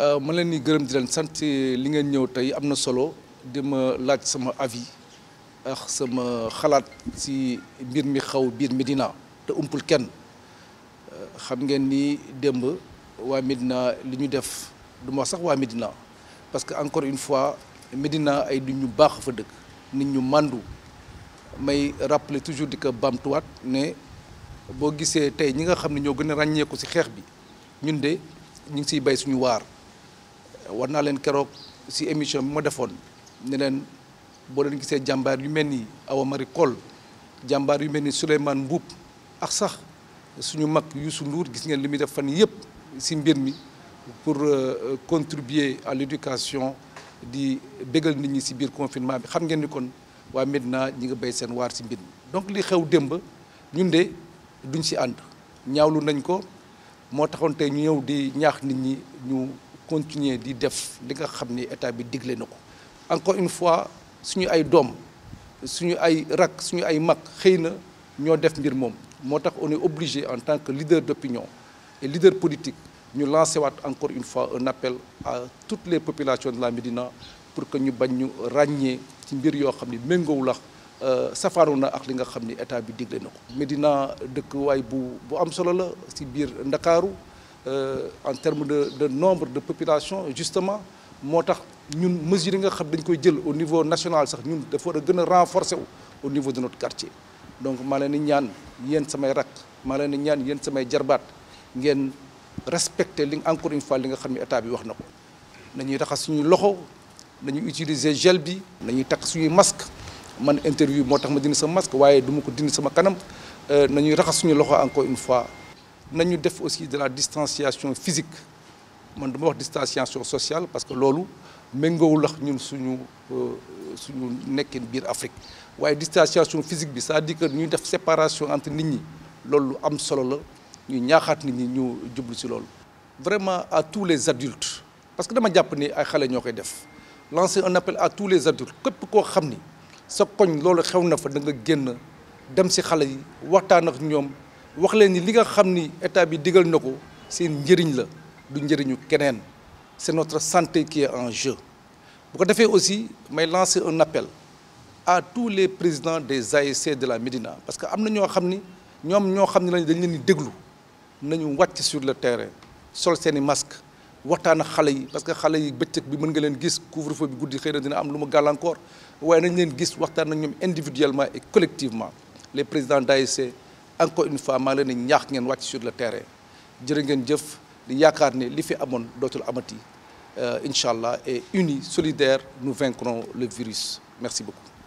Euh, ma leen di gërëm di leen sant li ngeen ñëw tey am na solo di ma laaj sama avis ak sama xalaat ci mbir mi xaw biir Médina te umpul kenn euh, xam ngeen ni démb waa Médina li ñu def du ma sax waa Médina parce que encore une fois Médina ay nit ñu baax fa dëkk nit ñu màndu may rappeler toujours di ko bamtuwaat ne boo gisee tey ñi nga xam ne ñoo gën a ràññeeku ci xeex bi ñun de ñu ngi ciy bay suñu waar. war naa leen keroog si émission bi ma defoon ne boo leen gisee jàmbaar yu mel nii Awa Marie Coll jàmbaar yu mel ni Souleymane Mboup ak sax suñu mag Youssou Ndour gis ngeen li muy def fan yëpp si mbir mi pour euh, contribuer à l'éducation di bégal nit ñi si biir confinement bi xam ngeen ni kon waa Médina ñi nga béy seen waar si mbir mi donc li xew démb ñun de duñ si ànd ñaawlu nañ ko moo taxoon tey ñu ñëw di ñaax nit ñi ñu continuer di def li nga xamni état bi diglé nako encore une fois suñu ay dom, suñu ay rak suñu ay mak, xeyna ño def mbir mom motax on est obligé en tant que leader d'opinion et leader politique ñu lancer waat encore une fois un appel à toutes les populations de la Médina pour que ñu bañ ñu ràññee ci mbir yo xamni ni méngoowul ak euh, safaaru ak li nga xamni état bi diglé nako medina Médina way bu bu am solo la ci bir Ndakaaru euh, en termes de, de nombre de population justement motax ñun mesure nga xam dañ koy jël au niveau national sax ñun dafa war gëna renforcer au niveau de notre quartier donc maa leen di ñaan yéen samay rak maa leen di ñaan yéen samay jarbat ngeen respecter li encore une fois li nga xam ni état bi wax nako ko nañuy raxas suñuy loxo nañuy utiliser gel bi nañuy takk masque man interview motax ma dindi sama masque waye duma ko dindi sama kanam euh, nañuy raxas suñu loxo encore une fois nañu def aussi de la distanciation physique man dama wax distanciation sociale parce que loolu méngoowul lax ñun suñu euh, suñu nekkin biir Afrique waaye distanciation physique bi c'est-à-dire que ñu def séparation entre nit ñi loolu lu am solo la ñu ñaaxaat nit ñi ñu jublu ci loolu. vraiment à tous les adultes parce que dama jàpp ni ay xale ñoo koy def lancer un appel à tous les adultes képp koo xam ni sa koñ loolu xew na fa da nga génn dem ci xale yi waxtaan ak ñoom wax leen ni li nga xam ni état bi digal na ko seen njëriñ la du njëriñu keneen c'est notre santé qui est en jeu bu ko defee aussi may lancer un appel à tous les présidents des ASC de la Médina parce que am na ñoo xam ni ñoom ñoo xam ne lañ dañ leen di déglu nañu wàcc sur le terrain sol seen i masque waxtaan ak xale yi parce que xale yi bëccëg bi mën nga leen gis couvre-feu bi guddi xëy na dina am lu ma gàllankoor waaye nañ leen gis waxtaan ak ñoom individuellement et collectivement les présidents d'ASC encore une fois maa ngi ñaax ngeen wacc sur le terrain jërë ngeen jëf li yaakaar ne li fi amone dootul amati euh, et unis solidaires nous vaincrons le virus merci beaucoup.